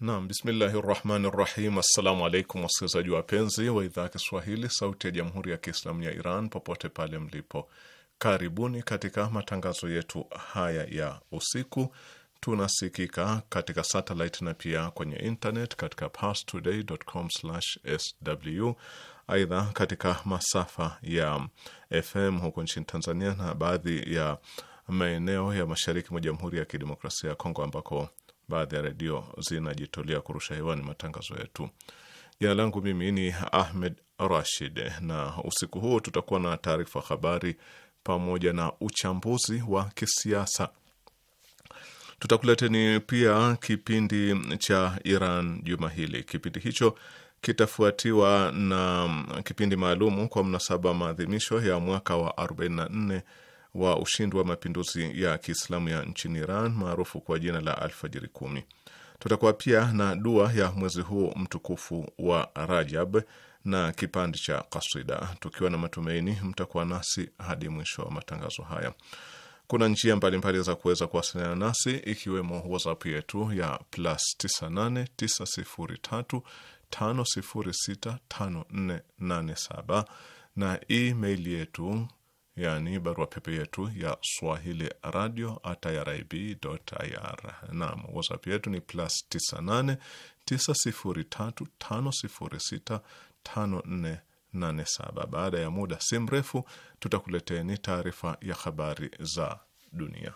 Naam, bismillahi rahmani rahim. Assalamu alaikum wasikilizaji wapenzi wa idhaa ya Kiswahili sauti ya jamhuri ya Kiislamu ya Iran popote pale mlipo, karibuni katika matangazo yetu haya ya usiku. Tunasikika katika satelit na pia kwenye internet katika parstoday.com/sw. Aidha, katika masafa ya FM huko nchini Tanzania na baadhi ya maeneo ya mashariki mwa jamhuri ya kidemokrasia ya Kongo ambako baadhi ya redio zinajitolea kurusha hewani matangazo yetu. Jina langu mimi ni Ahmed Rashid, na usiku huu tutakuwa na taarifa habari pamoja na uchambuzi wa kisiasa. Tutakuleteni pia kipindi cha Iran juma hili. Kipindi hicho kitafuatiwa na kipindi maalumu kwa mnasaba maadhimisho ya mwaka wa 44 wa ushindi wa mapinduzi ya Kiislamu ya nchini Iran maarufu kwa jina la Alfajiri Kumi. Tutakuwa pia na dua ya mwezi huu mtukufu wa Rajab na kipande cha kasida, tukiwa na matumaini mtakuwa nasi hadi mwisho wa matangazo haya. Kuna njia mbalimbali za kuweza kuwasiliana nasi ikiwemo WhatsApp yetu ya plus 989035065487 na email yetu yani barua pepe yetu ya swahili radio at irib ir. Naam, whatsapp yetu ni plus 98 903 Baada ya muda si mrefu tutakuleteni taarifa ya habari za dunia.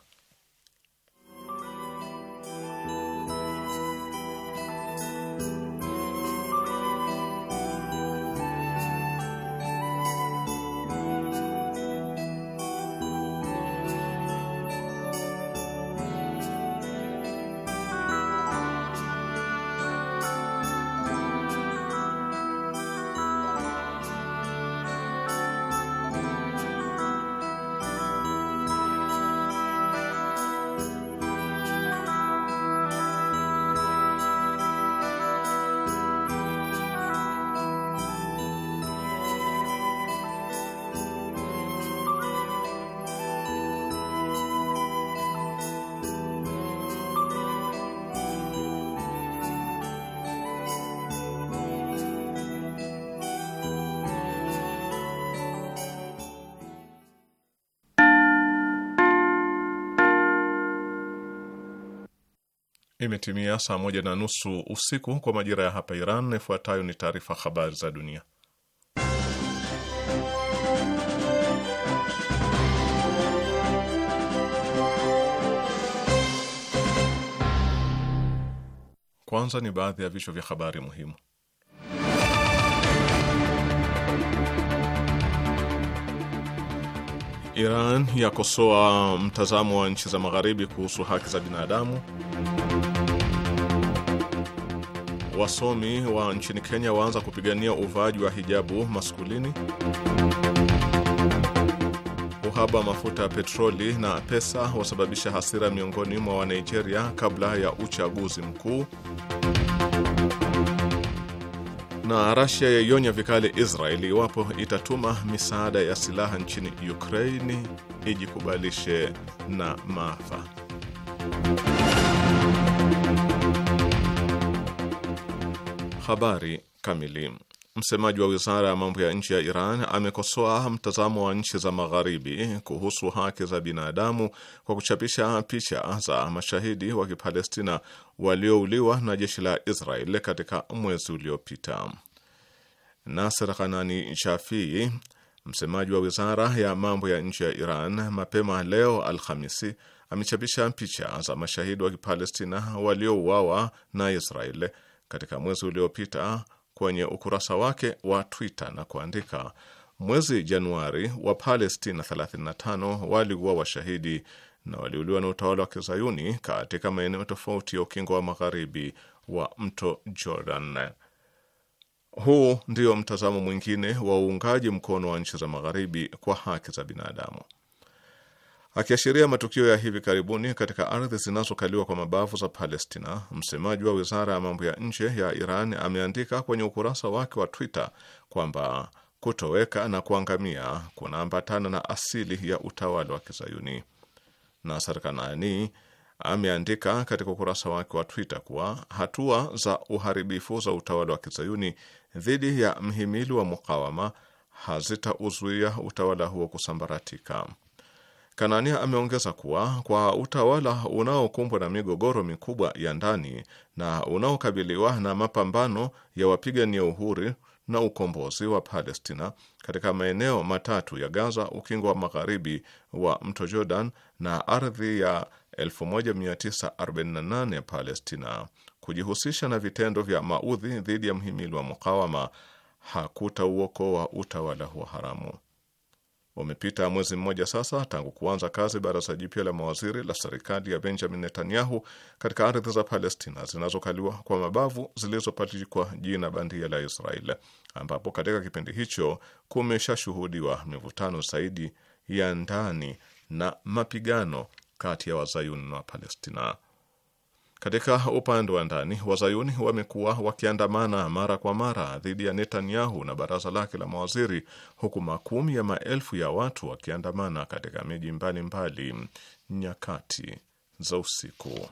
imetimia saa moja na nusu usiku kwa majira ya hapa Iran, na ifuatayo ni taarifa habari za dunia. Kwanza ni baadhi ya vichwa vya habari muhimu. Iran yakosoa mtazamo wa nchi za magharibi kuhusu haki za binadamu. Wasomi wa nchini Kenya waanza kupigania uvaaji wa hijabu maskulini. Uhaba wa mafuta ya petroli na pesa wasababisha hasira miongoni mwa Wanigeria kabla ya uchaguzi mkuu. Na Rasia yaionya vikali Israeli iwapo itatuma misaada ya silaha nchini Ukraini ijikubalishe na maafa. Habari kamili. Msemaji wa wizara ya mambo ya nje ya Iran amekosoa mtazamo wa nchi za Magharibi kuhusu haki za binadamu kwa kuchapisha picha za mashahidi wa Kipalestina waliouliwa na jeshi la Israel katika mwezi uliopita. naser Kanani Shafii, msemaji wa wizara ya mambo ya nje ya Iran, mapema leo Alhamisi amechapisha picha za mashahidi wa Kipalestina waliouawa na Israel katika mwezi uliopita kwenye ukurasa wake wa Twitter na kuandika mwezi Januari wa Palestina 35 waliuwa washahidi na waliuliwa na utawala wa kizayuni katika maeneo tofauti ya ukingo wa magharibi wa mto Jordan. Huu ndio mtazamo mwingine wa uungaji mkono wa nchi za magharibi kwa haki za binadamu. Akiashiria matukio ya hivi karibuni katika ardhi zinazokaliwa kwa mabavu za Palestina, msemaji wa wizara ya mambo ya nje ya Iran ameandika kwenye ukurasa wake wa Twitter kwamba kutoweka na kuangamia kunaambatana na asili ya utawala wa Kizayuni. Nasser Kanaani ameandika katika ukurasa wake wa Twitter kuwa hatua za uharibifu za utawala wa Kizayuni dhidi ya mhimili wa mukawama hazitauzuia utawala huo kusambaratika. Kanania ameongeza kuwa kwa utawala unaokumbwa na migogoro mikubwa ya ndani na unaokabiliwa na mapambano ya wapigania uhuri na ukombozi wa Palestina katika maeneo matatu ya Gaza, ukingo wa magharibi wa mto Jordan na ardhi ya 1948 ya Palestina, kujihusisha na vitendo vya maudhi dhidi ya mhimili wa mukawama hakutauokoa utawala huo haramu. Umepita mwezi mmoja sasa tangu kuanza kazi baraza jipya la mawaziri la serikali ya Benjamin Netanyahu katika ardhi za Palestina zinazokaliwa kwa mabavu zilizopachikwa jina bandia la Israel, ambapo katika kipindi hicho kumeshashuhudiwa mivutano zaidi ya ndani na mapigano kati ya wazayuni na Wapalestina. Katika upande wa ndani, wazayuni wamekuwa wakiandamana mara kwa mara dhidi ya Netanyahu na baraza lake la mawaziri, huku makumi ya maelfu ya watu wakiandamana katika miji mbalimbali nyakati za usiku.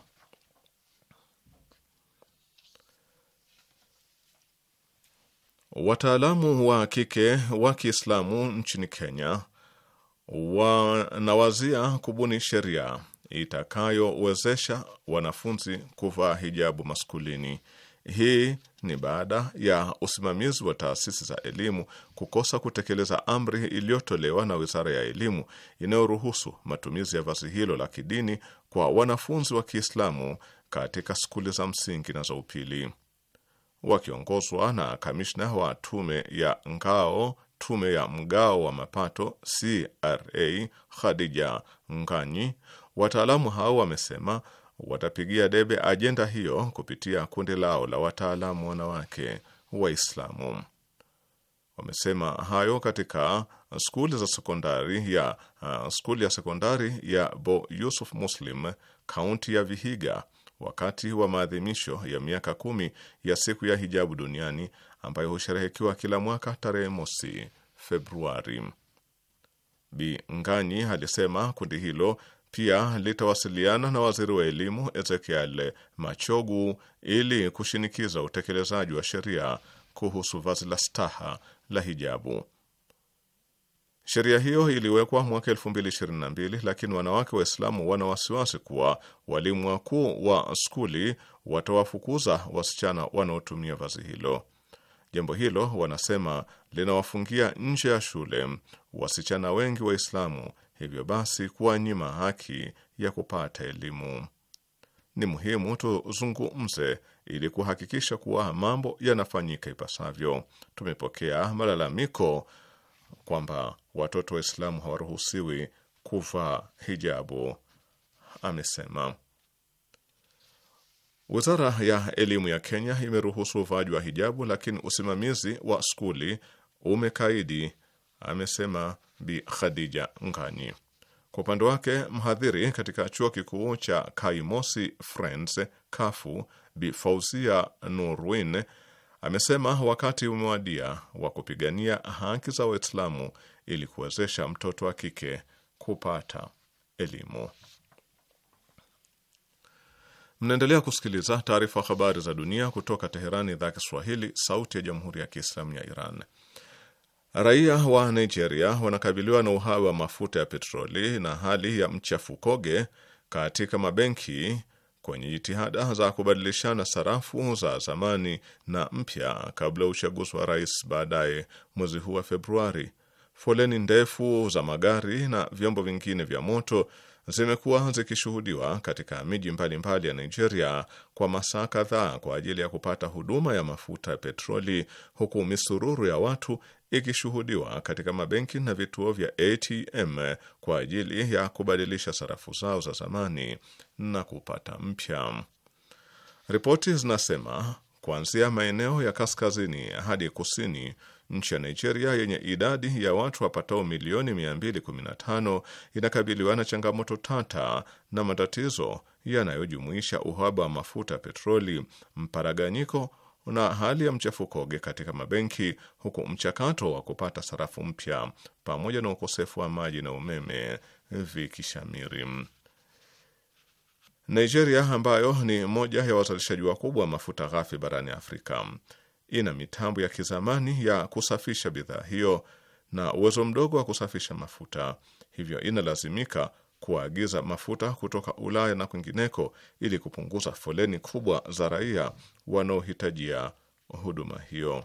Wataalamu wa kike wa Kiislamu nchini Kenya wanawazia kubuni sheria itakayowezesha wanafunzi kuvaa hijabu maskulini. Hii ni baada ya usimamizi wa taasisi za elimu kukosa kutekeleza amri iliyotolewa na Wizara ya Elimu inayoruhusu matumizi ya vazi hilo la kidini kwa wanafunzi wa Kiislamu katika skuli za msingi na za upili. Wakiongozwa na kamishna wa tume ya ngao tume ya mgao wa mapato CRA Khadija Nganyi Wataalamu hao wamesema watapigia debe ajenda hiyo kupitia kundi lao la wataalamu wanawake Waislamu. Wamesema hayo katika skuli za sekondari ya uh, skuli ya sekondari ya Bo Yusuf Muslim, kaunti ya Vihiga, wakati wa maadhimisho ya miaka kumi ya siku ya hijabu duniani ambayo husherehekiwa kila mwaka tarehe mosi Februari. Bi Nganyi alisema kundi hilo pia litawasiliana na waziri wa elimu Ezekiel Machogu ili kushinikiza utekelezaji wa sheria kuhusu vazi la staha la hijabu. Sheria hiyo iliwekwa mwaka 2022 lakini wanawake Waislamu wana wasiwasi kuwa walimu wakuu wa skuli watawafukuza wasichana wanaotumia vazi hilo. Jambo hilo wanasema linawafungia nje ya shule wasichana wengi Waislamu hivyo basi kuwanyima haki ya kupata elimu. Ni muhimu tuzungumze ili kuhakikisha kuwa mambo yanafanyika ipasavyo. Tumepokea malalamiko kwamba watoto Waislamu hawaruhusiwi kuvaa hijabu, amesema. Wizara ya elimu ya Kenya imeruhusu uvaaji wa hijabu, lakini usimamizi wa skuli umekaidi, amesema Bi Khadija Ngani. Kwa upande wake mhadhiri katika chuo kikuu cha Kaimosi Friends Kafu, Bi Fauzia Nurwin amesema wakati umewadia wa kupigania haki za Waislamu ili kuwezesha mtoto wa kike kupata elimu. Mnaendelea kusikiliza taarifa habari za dunia kutoka Teherani, idhaa Kiswahili, sauti ya jamhuri ya kiislamu ya Iran. Raia wa Nigeria wanakabiliwa na uhaba wa mafuta ya petroli na hali ya mchafukoge katika mabenki kwenye jitihada za kubadilishana sarafu za zamani na mpya kabla ya uchaguzi wa rais baadaye mwezi huu wa Februari. Foleni ndefu za magari na vyombo vingine vya moto zimekuwa zikishuhudiwa katika miji mbalimbali ya Nigeria kwa masaa kadhaa kwa ajili ya kupata huduma ya mafuta ya petroli, huku misururu ya watu ikishuhudiwa katika mabenki na vituo vya ATM kwa ajili ya kubadilisha sarafu zao za zamani na kupata mpya. Ripoti zinasema kuanzia maeneo ya kaskazini hadi kusini Nchi ya Nigeria yenye idadi ya watu wapatao milioni 215 inakabiliwa na changamoto tata na matatizo yanayojumuisha uhaba wa mafuta petroli, mparaganyiko na hali ya mchafukoge katika mabenki, huku mchakato wa kupata sarafu mpya pamoja na ukosefu wa maji na umeme vikishamiri. Nigeria ambayo ni moja ya wazalishaji wakubwa wa mafuta ghafi barani Afrika ina mitambo ya kizamani ya kusafisha bidhaa hiyo na uwezo mdogo wa kusafisha mafuta, hivyo inalazimika kuagiza mafuta kutoka Ulaya na kwingineko ili kupunguza foleni kubwa za raia wanaohitajia huduma hiyo.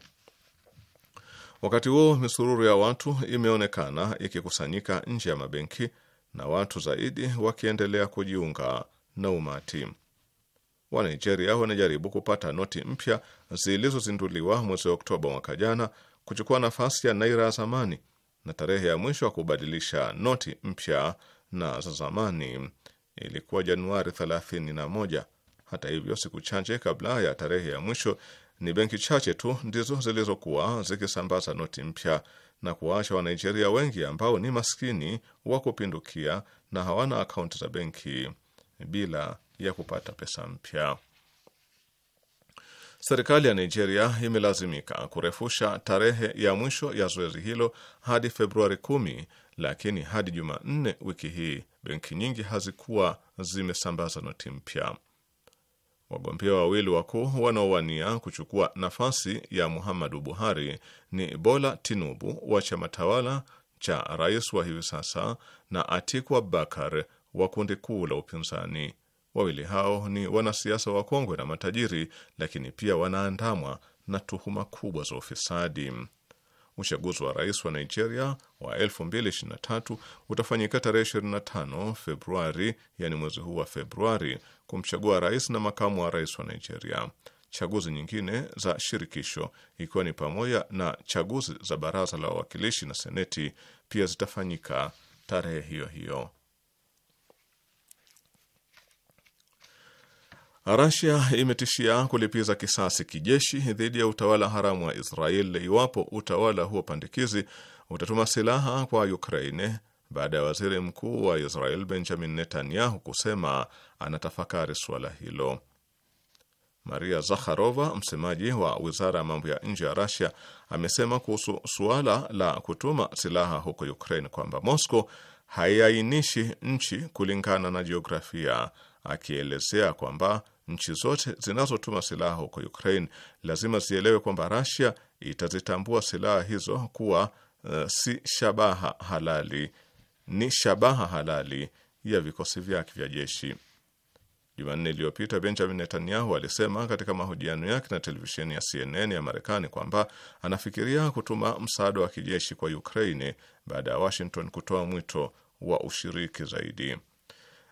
Wakati huo, misururu ya watu imeonekana ikikusanyika nje ya mabenki na watu zaidi wakiendelea kujiunga na umati wa Nigeria wanajaribu kupata noti mpya zilizozinduliwa mwezi wa Oktoba mwaka jana kuchukua nafasi ya naira ya zamani, na tarehe ya mwisho ya kubadilisha noti mpya na za zamani ilikuwa Januari 31. Hata hivyo, siku chache kabla ya tarehe ya mwisho, ni benki chache tu ndizo zilizokuwa zikisambaza noti mpya na kuwaacha Wanigeria wengi ambao ni maskini wa kupindukia na hawana akaunti za benki bila ya kupata pesa mpya. Serikali ya Nigeria imelazimika kurefusha tarehe ya mwisho ya zoezi hilo hadi Februari kumi, lakini hadi Jumanne wiki hii benki nyingi hazikuwa zimesambaza noti mpya. Wagombea wawili wakuu wanaowania kuchukua nafasi ya Muhammadu Buhari ni Bola Tinubu wa chama tawala cha rais wa hivi sasa na Atiku Abubakar wa kundi kuu la upinzani. Wawili hao ni wanasiasa wakongwe na matajiri, lakini pia wanaandamwa na tuhuma kubwa za ufisadi. Uchaguzi wa rais wa Nigeria wa 2023 utafanyika tarehe 25 Februari, yani mwezi huu wa Februari, kumchagua rais na makamu wa rais wa Nigeria. Chaguzi nyingine za shirikisho, ikiwa ni pamoja na chaguzi za baraza la wawakilishi na seneti, pia zitafanyika tarehe hiyo hiyo. Rasia imetishia kulipiza kisasi kijeshi dhidi ya utawala haramu wa Israel iwapo utawala huo pandikizi utatuma silaha kwa Ukraine baada ya waziri mkuu wa Israel Benjamin Netanyahu kusema anatafakari suala hilo. Maria Zakharova, msemaji wa wizara ya mambo ya nje ya Rasia, amesema kuhusu suala la kutuma silaha huko Ukraine kwamba Moscow haiainishi nchi kulingana na jiografia akielezea kwamba nchi zote zinazotuma silaha huko Ukraine lazima zielewe kwamba Russia itazitambua silaha hizo kuwa uh, si shabaha halali, ni shabaha halali ya vikosi vyake vya jeshi. Jumanne iliyopita Benjamin Netanyahu alisema katika mahojiano yake na televisheni ya CNN ya Marekani kwamba anafikiria kutuma msaada wa kijeshi kwa Ukraine baada ya Washington kutoa mwito wa ushiriki zaidi.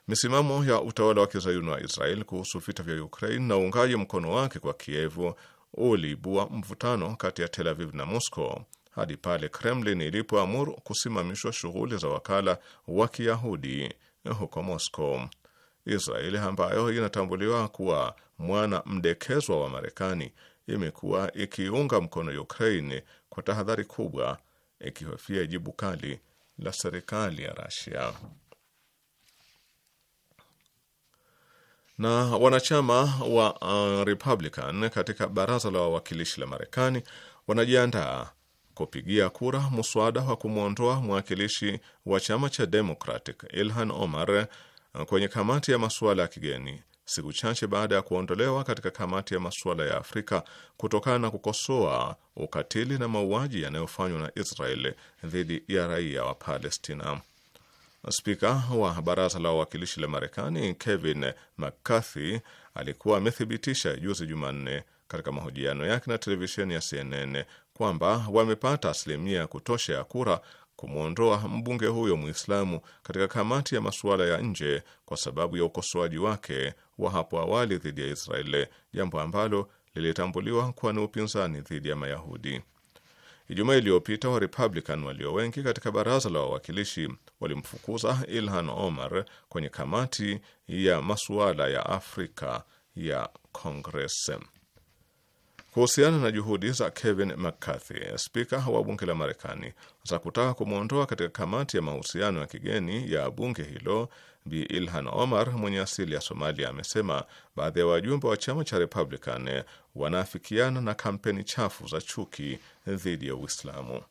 Misimamo ya utawala wa kizayuni wa Israel kuhusu vita vya Ukraine na uungaji mkono wake kwa Kievu uliibua mvutano kati ya Tel Aviv na Moscow hadi pale Kremlin ilipoamuru kusimamishwa shughuli za wakala wa Kiyahudi huko Moscow. Israeli ambayo inatambuliwa kuwa mwana mdekezwa wa Marekani imekuwa ikiunga mkono Ukraine kwa tahadhari kubwa, ikihofia jibu kali la serikali ya Rasia. na wanachama wa uh, Republican katika baraza la wawakilishi la Marekani wanajiandaa kupigia kura muswada wa kumwondoa mwakilishi wa chama cha Democratic Ilhan Omar uh, kwenye kamati ya masuala ya kigeni siku chache baada ya kuondolewa katika kamati ya masuala ya Afrika kutokana na kukosoa ukatili na mauaji yanayofanywa na Israel dhidi ya raia wa Palestina. Spika wa baraza la wawakilishi la Marekani Kevin McCarthy alikuwa amethibitisha juzi Jumanne katika mahojiano yake na televisheni ya CNN kwamba wamepata asilimia ya kutosha ya kura kumwondoa mbunge huyo Muislamu katika kamati ya masuala ya nje kwa sababu ya ukosoaji wake wa hapo awali dhidi ya Israeli, jambo ambalo lilitambuliwa kuwa ni upinzani dhidi ya Mayahudi. Ijumaa iliyopita Warepublican walio wengi katika baraza la wawakilishi walimfukuza Ilhan Omar kwenye kamati ya masuala ya Afrika ya Congress. Kuhusiana na juhudi za Kevin McCarthy, spika wa bunge la Marekani, za kutaka kumwondoa katika kamati ya mahusiano ya kigeni ya bunge hilo Bi Ilhan Omar mwenye asili ya Somalia amesema baadhi ya wajumbe wa chama cha Republican wanaafikiana na kampeni chafu za chuki dhidi ya Uislamu.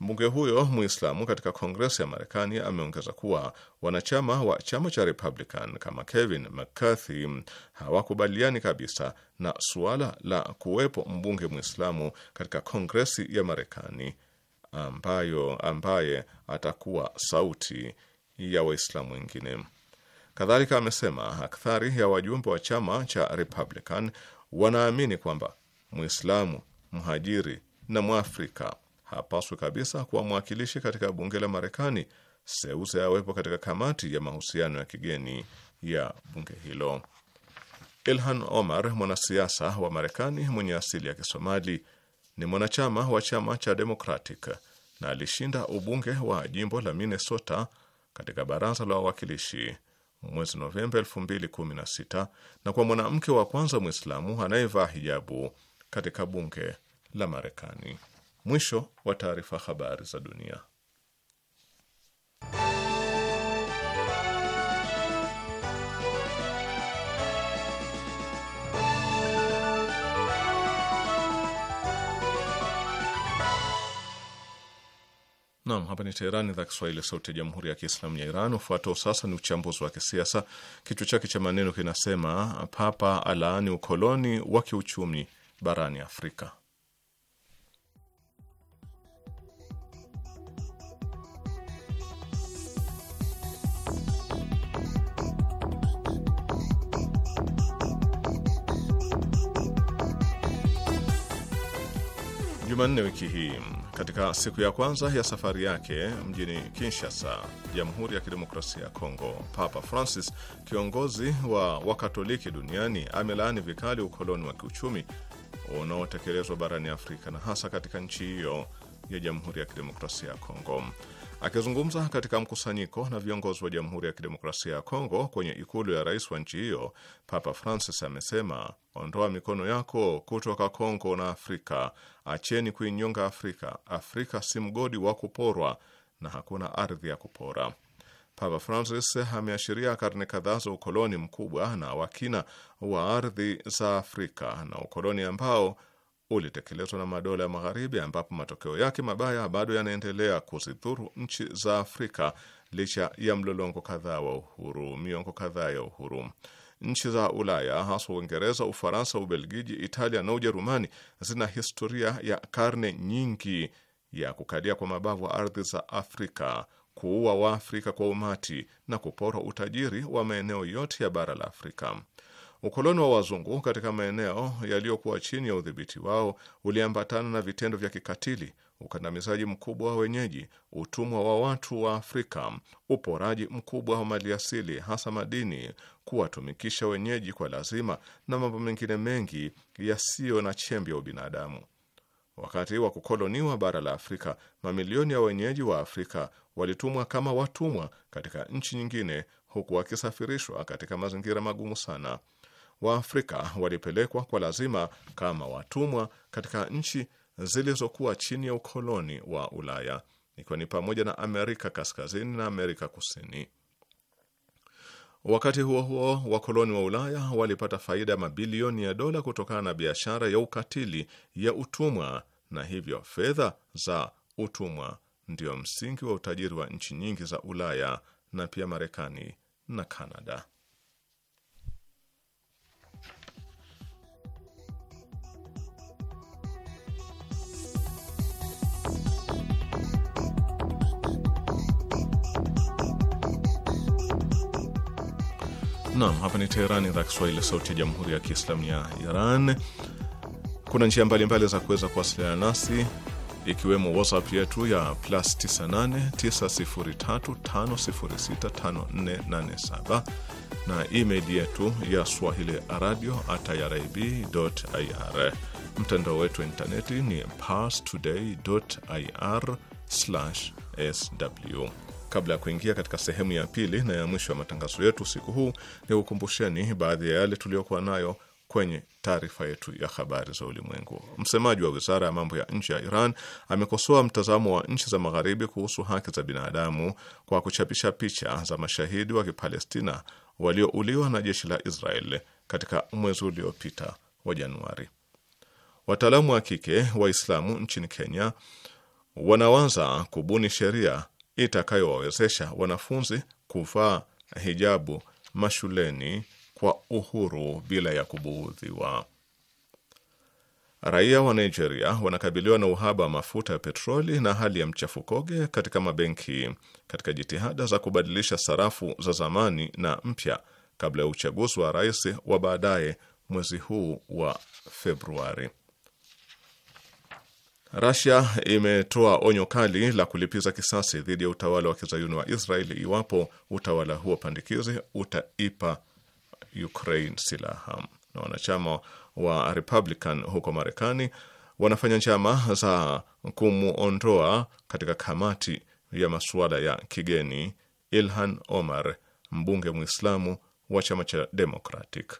Mbunge huyo Muislamu katika Kongresi ya Marekani ameongeza kuwa wanachama wa chama cha Republican kama Kevin McCarthy hawakubaliani kabisa na suala la kuwepo mbunge Muislamu katika Kongresi ya Marekani ambayo ambaye atakuwa sauti ya Waislamu wengine. Kadhalika amesema akthari ya wajumbe wa chama cha Republican wanaamini kwamba Mwislamu, mhajiri na Mwafrika hapaswi kabisa kuwa mwakilishi katika bunge la Marekani, seuze awepo katika kamati ya mahusiano ya kigeni ya bunge hilo. Ilhan Omar, mwanasiasa wa Marekani mwenye asili ya Kisomali, ni mwanachama wa chama cha Democratic na alishinda ubunge wa jimbo la Minnesota katika baraza la wawakilishi mwezi Novemba 2016 na kwa mwanamke wa kwanza Mwislamu anayevaa hijabu katika bunge la Marekani. Mwisho wa taarifa. Habari za dunia. Naam, hapa ni Teherani, idhaa Kiswahili, sauti ya jamhuri ya kiislamu ya Iran. Ufuatao sasa ni uchambuzi wa kisiasa, kichwa chake cha maneno kinasema Papa alaani ukoloni wa kiuchumi barani Afrika. Jumanne wiki hii katika siku ya kwanza ya safari yake mjini Kinshasa, Jamhuri ya Kidemokrasia ya Kongo, Papa Francis, kiongozi wa Wakatoliki duniani, amelaani vikali ukoloni wa kiuchumi unaotekelezwa barani Afrika na hasa katika nchi hiyo ya Jamhuri ya Kidemokrasia ya Kongo. Akizungumza katika mkusanyiko na viongozi wa Jamhuri ya Kidemokrasia ya Kongo kwenye ikulu ya rais wa nchi hiyo, Papa Francis amesema, ondoa mikono yako kutoka Kongo na Afrika, acheni kuinyonga Afrika. Afrika si mgodi wa kuporwa na hakuna ardhi ya kupora. Papa Francis ameashiria karne kadhaa za ukoloni mkubwa na wakina wa ardhi za Afrika na ukoloni ambao ulitekelezwa na madola ya Magharibi, ambapo matokeo yake mabaya bado yanaendelea kuzidhuru nchi za Afrika licha ya mlolongo kadhaa wa uhuru, miongo kadhaa ya uhuru. Nchi za Ulaya haswa Uingereza, Ufaransa, Ubelgiji, Italia na Ujerumani zina historia ya karne nyingi ya kukalia kwa mabavu wa ardhi za Afrika, kuua Waafrika kwa umati na kupora utajiri wa maeneo yote ya bara la Afrika. Ukoloni wa wazungu katika maeneo yaliyokuwa chini ya udhibiti wao uliambatana na vitendo vya kikatili, ukandamizaji mkubwa wa wenyeji, utumwa wa watu wa Afrika, uporaji mkubwa wa maliasili, hasa madini, kuwatumikisha wenyeji kwa lazima na mambo mengine mengi yasiyo na chembe ya ubinadamu. Wakati wa kukoloniwa bara la Afrika, mamilioni ya wenyeji wa Afrika walitumwa kama watumwa katika nchi nyingine, huku wakisafirishwa katika mazingira magumu sana wa Afrika walipelekwa kwa lazima kama watumwa katika nchi zilizokuwa chini ya ukoloni wa Ulaya, ikiwa ni pamoja na Amerika Kaskazini na Amerika Kusini. Wakati huo huo, wakoloni wa Ulaya walipata faida ya mabilioni ya dola kutokana na biashara ya ukatili ya utumwa, na hivyo fedha za utumwa ndio msingi wa utajiri wa nchi nyingi za Ulaya na pia Marekani na Kanada. Naam, hapa ni Teherani, idhaa Kiswahili, sauti ya jamhuri ya kiislamu ya Iran. Kuna njia mbalimbali za kuweza kuwasiliana nasi ikiwemo WhatsApp yetu ya plus 989035065487 na email yetu ya swahili radio at irib ir. Mtandao wetu wa intaneti ni parstoday ir sw Kabla ya kuingia katika sehemu ya pili na ya mwisho ya matangazo yetu usiku huu, ni kukumbusheni baadhi ya yale tuliyokuwa nayo kwenye taarifa yetu ya habari za ulimwengu. Msemaji wa wizara ya mambo ya nje ya Iran amekosoa mtazamo wa nchi za magharibi kuhusu haki za binadamu kwa kuchapisha picha za mashahidi wa Kipalestina waliouliwa na jeshi la Israel katika mwezi uliopita wa Januari. Wataalamu wa kike Waislamu nchini Kenya wanawaza kubuni sheria itakayowawezesha wanafunzi kuvaa hijabu mashuleni kwa uhuru bila ya kubuudhiwa Raia wa Nigeria wanakabiliwa na uhaba wa mafuta ya petroli na hali ya mchafukoge katika mabenki katika jitihada za kubadilisha sarafu za zamani na mpya kabla ya uchaguzi wa rais wa baadaye mwezi huu wa Februari. Rasia imetoa onyo kali la kulipiza kisasi dhidi ya utawala wa kizayuni wa Israeli iwapo utawala huo pandikizi utaipa Ukraine silaha. Na wanachama wa Republican huko Marekani wanafanya njama za kumuondoa katika kamati ya masuala ya kigeni Ilhan Omar, mbunge Mwislamu wa chama cha Democratic.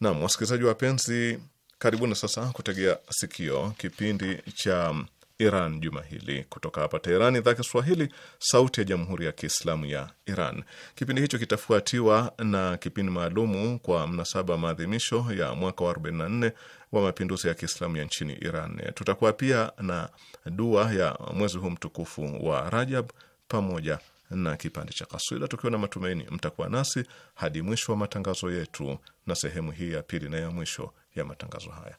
Naam, wasikilizaji wapenzi Karibuni sasa kutegea sikio kipindi cha Iran juma hili kutoka hapa Teheran, idhaa Kiswahili, sauti ya jamhuri ya kiislamu ya Iran. Kipindi hicho kitafuatiwa na kipindi maalumu kwa mnasaba maadhimisho ya mwaka wa 44 wa mapinduzi ya kiislamu ya nchini Iran. Tutakuwa pia na dua ya mwezi huu mtukufu wa Rajab pamoja na kipande cha kaswida, tukiwa na matumaini mtakuwa nasi hadi mwisho wa matangazo yetu na sehemu hii ya pili na ya mwisho ya matangazo haya.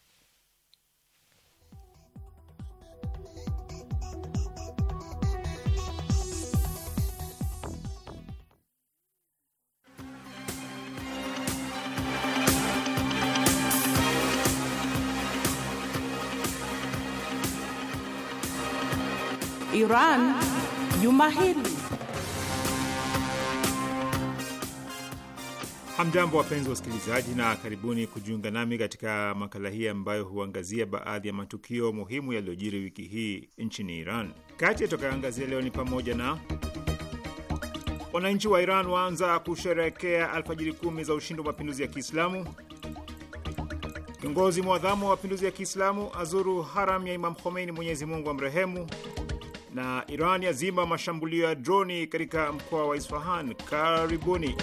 Iran Juma hili. Hamjambo, wapenzi wasikilizaji, na karibuni kujiunga nami katika makala hii ambayo huangazia baadhi ya matukio muhimu yaliyojiri wiki hii nchini Iran. Kati yatakayoangazia leo ni pamoja na wananchi wa Iran waanza kusherehekea alfajiri kumi za ushindi wa mapinduzi ya Kiislamu, kiongozi mwadhamu wa mapinduzi ya Kiislamu azuru haram ya Imam Khomeini, Mwenyezi Mungu amrehemu, na Iran yazima mashambulio ya droni katika mkoa wa Isfahan. Karibuni.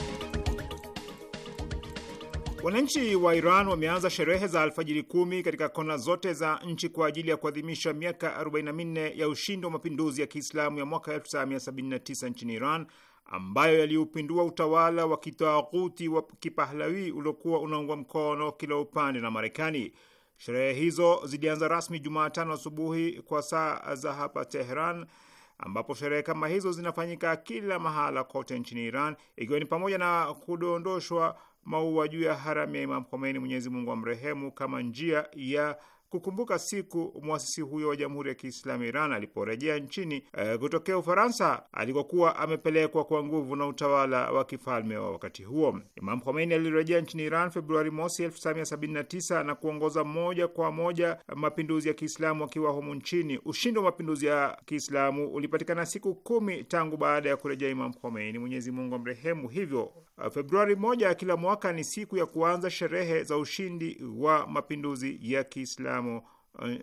Wananchi wa Iran wameanza sherehe za alfajiri kumi katika kona zote za nchi kwa ajili ya kuadhimisha miaka 44 ya ushindi wa mapinduzi ya Kiislamu ya mwaka 1979 nchini Iran, ambayo yaliupindua utawala wa kitaghuti wa Kipahlawi uliokuwa unaungwa mkono kila upande na Marekani. Sherehe hizo zilianza rasmi Jumatano asubuhi kwa saa za hapa Teheran, ambapo sherehe kama hizo zinafanyika kila mahala kote nchini Iran, ikiwa ni pamoja na kudondoshwa maua juu ya haram ya Imam Khomeini, Mwenyezi Mungu amrehemu, kama njia ya kukumbuka siku mwasisi huyo wa Jamhuri ya Kiislamu Iran aliporejea nchini e, kutokea Ufaransa alikokuwa amepelekwa kwa nguvu na utawala wa kifalme wa wakati huo. Imam Khomeini alirejea nchini Iran Februari mosi 1979 na kuongoza moja kwa moja mapinduzi ya Kiislamu akiwa humu nchini. Ushindi wa mapinduzi ya Kiislamu ulipatikana siku kumi tangu baada ya kurejea Imam Khomeini, Mwenyezi Mungu amrehemu. Hivyo eh, Februari moja kila mwaka ni siku ya kuanza sherehe za ushindi wa mapinduzi ya Kiislamu Kiislamu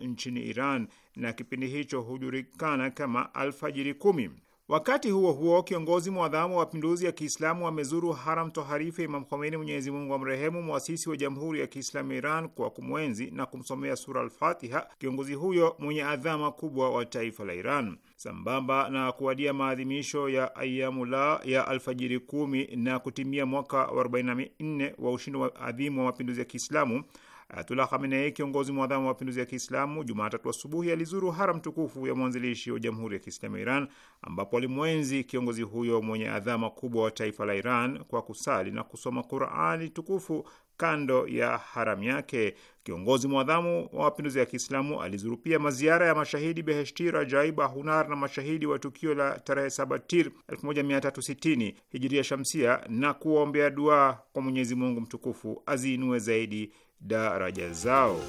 nchini Iran na kipindi hicho hujulikana kama Alfajiri Kumi. Wakati huo huo, kiongozi mwadhamu wa mapinduzi ya Kiislamu amezuru haram toharifu ya Imam Khomeini, Mwenyezi Mungu amrehemu, mwasisi wa Jamhuri ya Kiislamu ya Iran, kwa kumwenzi na kumsomea sura Al-Fatiha kiongozi huyo mwenye adhama kubwa wa taifa la Iran. Sambamba na kuwadia maadhimisho ya ayamula ya alfajiri kumi na kutimia mwaka wa 44 wa ushindi wa adhimu wa mapinduzi ya Kiislamu, Ayatullah Khamenei, kiongozi mwadhamu wa mapinduzi ya Kiislamu, Jumatatu asubuhi alizuru haram tukufu ya mwanzilishi wa jamhuri ya Kiislamu ya Iran, ambapo alimwenzi kiongozi huyo mwenye adhama kubwa wa taifa la Iran kwa kusali na kusoma Qurani tukufu kando ya haram yake. Kiongozi mwadhamu wa mapinduzi ya Kiislamu alizuru pia maziara ya mashahidi Beheshti, Rajaib, Ahunar na mashahidi wa tukio la tarehe saba Tir 1360 hijiria shamsia na kuwaombea dua kwa Mwenyezi Mungu mtukufu aziinue zaidi daraja zao.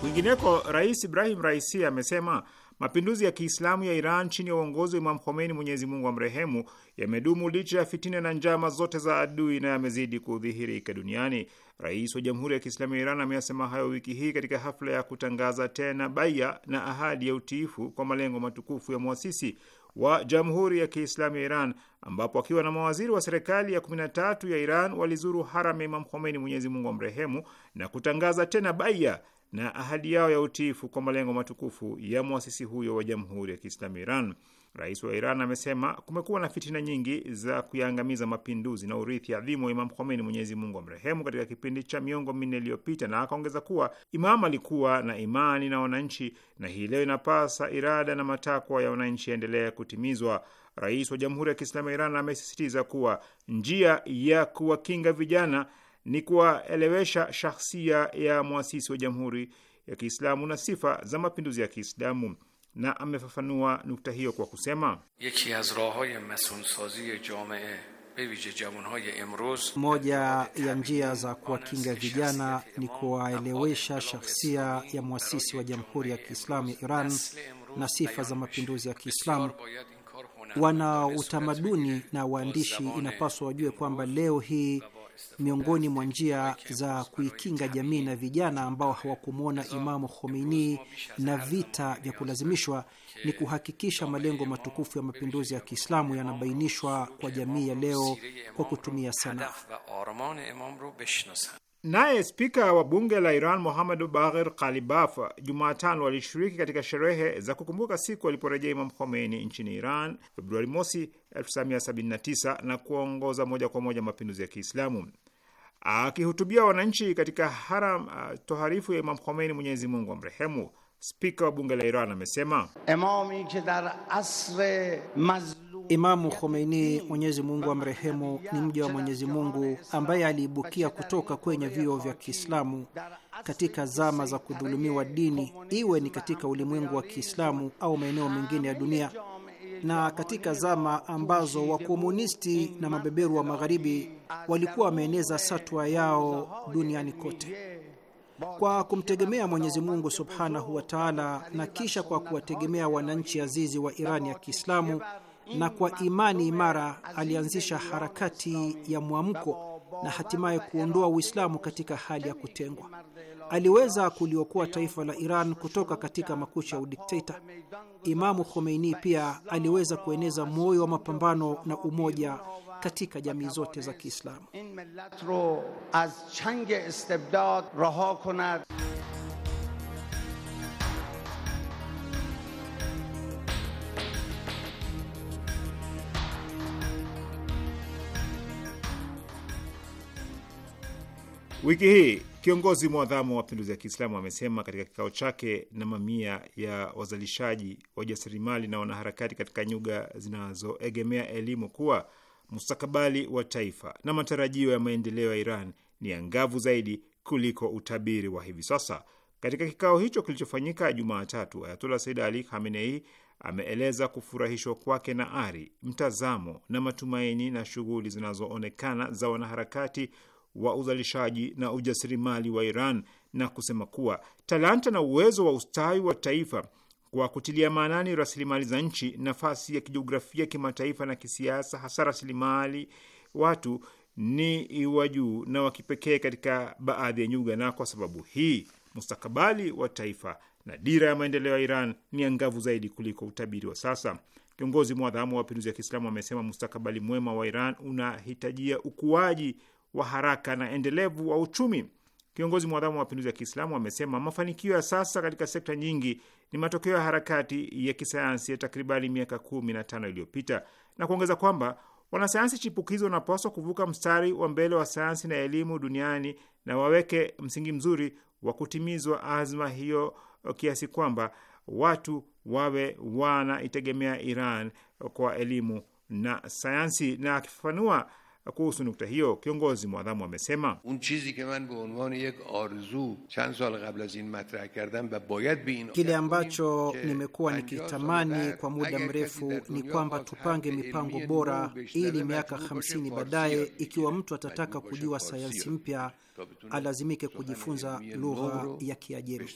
Kwingineko, Rais Ibrahim Raisi amesema mapinduzi ya Kiislamu ya Iran chini ya uongozi wa Imam Khomeini, Mwenyezi Mungu amrehemu, yamedumu licha ya fitina na njama zote za adui na yamezidi kudhihirika duniani. Rais wa Jamhuri ya Kiislamu ya Iran ameyasema hayo wiki hii katika hafla ya kutangaza tena baia na ahadi ya utiifu kwa malengo matukufu ya mwasisi wa Jamhuri ya Kiislamu ya Iran, ambapo akiwa na mawaziri wa serikali ya 13 ya Iran walizuru haram ya Imam Khomeini, Mwenyezi Mungu amrehemu, na kutangaza tena baia na ahadi yao ya utiifu kwa malengo matukufu ya mwasisi huyo wa Jamhuri ya Kiislamu ya Iran. Rais wa Iran amesema kumekuwa na fitina nyingi za kuyaangamiza mapinduzi na urithi adhimu wa Imam Khomeini, Mwenyezi Mungu amrehemu, katika kipindi cha miongo minne iliyopita, na akaongeza kuwa Imam alikuwa na imani na wananchi na hii leo inapasa irada na matakwa ya wananchi yaendelee kutimizwa. Rais wa Jamhuri ya Kiislamu ya Iran amesisitiza kuwa njia ya kuwakinga vijana ni kuwaelewesha shahsia ya mwasisi wa Jamhuri ya Kiislamu na sifa za mapinduzi ya Kiislamu na amefafanua nukta hiyo kwa kusema yeki az jamee moja ya njia za kuwakinga vijana ni kuwaelewesha shakhsia ya mwasisi wa Jamhuri ya Kiislamu ya Iran na sifa za mapinduzi ya Kiislamu. Wana utamaduni na waandishi inapaswa wajue kwamba leo hii miongoni mwa njia za kuikinga jamii na vijana ambao hawakumwona Imamu Khomeini na vita vya kulazimishwa ni kuhakikisha malengo matukufu ya mapinduzi ya Kiislamu yanabainishwa kwa jamii ya leo kwa kutumia sanaa. Naye spika wa bunge la Iran Mohammad Bagher Kalibaf Jumatano alishiriki katika sherehe za kukumbuka siku aliporejea Imam Khomeini nchini Iran Februari mosi 1979 na kuongoza moja kwa moja mapinduzi ya Kiislamu. Akihutubia wananchi katika haram uh, toharifu ya Imam Khomeini, Mwenyezi Mungu amrehemu, spika wa bunge la Iran amesema Imamu Khomeini, Mwenyezi Mungu amrehemu, ni mja wa Mwenyezi Mungu ambaye aliibukia kutoka kwenye vyuo vya Kiislamu katika zama za kudhulumiwa dini, iwe ni katika ulimwengu wa Kiislamu au maeneo mengine ya dunia, na katika zama ambazo wakomunisti na mabeberu wa Magharibi walikuwa wameeneza satwa yao duniani kote kwa kumtegemea Mwenyezi Mungu subhanahu wa taala, na kisha kwa kuwategemea wananchi azizi wa Irani ya Kiislamu na kwa imani imara alianzisha harakati ya mwamko na hatimaye kuondoa Uislamu katika hali ya kutengwa. Aliweza kuliokoa taifa la Iran kutoka katika makucha ya udikteta. Imamu Khomeini pia aliweza kueneza moyo wa mapambano na umoja katika jamii zote za Kiislamu. Wiki hii kiongozi mwadhamu wa mapinduzi ya Kiislamu amesema katika kikao chake na mamia ya wazalishaji, wajasiriamali na wanaharakati katika nyuga zinazoegemea elimu kuwa mustakabali wa taifa na matarajio ya maendeleo ya Iran ni angavu zaidi kuliko utabiri wa hivi sasa. Katika kikao hicho kilichofanyika Jumatatu, Ayatullah Said Ali Khamenei ameeleza kufurahishwa kwake na ari, mtazamo na matumaini na shughuli zinazoonekana za wanaharakati wa uzalishaji na ujasiriamali wa Iran na kusema kuwa talanta na uwezo wa ustawi wa taifa kwa kutilia maanani rasilimali za nchi, nafasi ya kijiografia, kimataifa na kisiasa, hasa rasilimali watu, ni wa juu na wa kipekee katika baadhi ya nyuga, na kwa sababu hii mustakabali wa taifa na dira ya maendeleo ya Iran ni angavu zaidi kuliko utabiri wa sasa. Kiongozi mwadhamu wa mapinduzi ya Kiislamu amesema mustakabali mwema wa Iran unahitajia ukuaji wa haraka na endelevu wa uchumi. Kiongozi mwadhamu wa mapinduzi ya Kiislamu amesema mafanikio ya sasa katika sekta nyingi ni matokeo ya harakati ya kisayansi ya takribani miaka kumi na tano iliyopita na kuongeza kwamba wanasayansi chipukizi wanapaswa kuvuka mstari wa mbele wa sayansi na elimu duniani na waweke msingi mzuri wa kutimizwa azma hiyo kiasi kwamba watu wawe wanaitegemea Iran kwa elimu na sayansi. Na akifafanua kuhusu nukta hiyo, kiongozi mwadhamu amesema kile ambacho nimekuwa nikitamani kwa muda mrefu ni kwamba tupange mipango bora, ili miaka 50 baadaye, ikiwa mtu atataka kujua sayansi mpya, alazimike kujifunza lugha ya Kiajemi.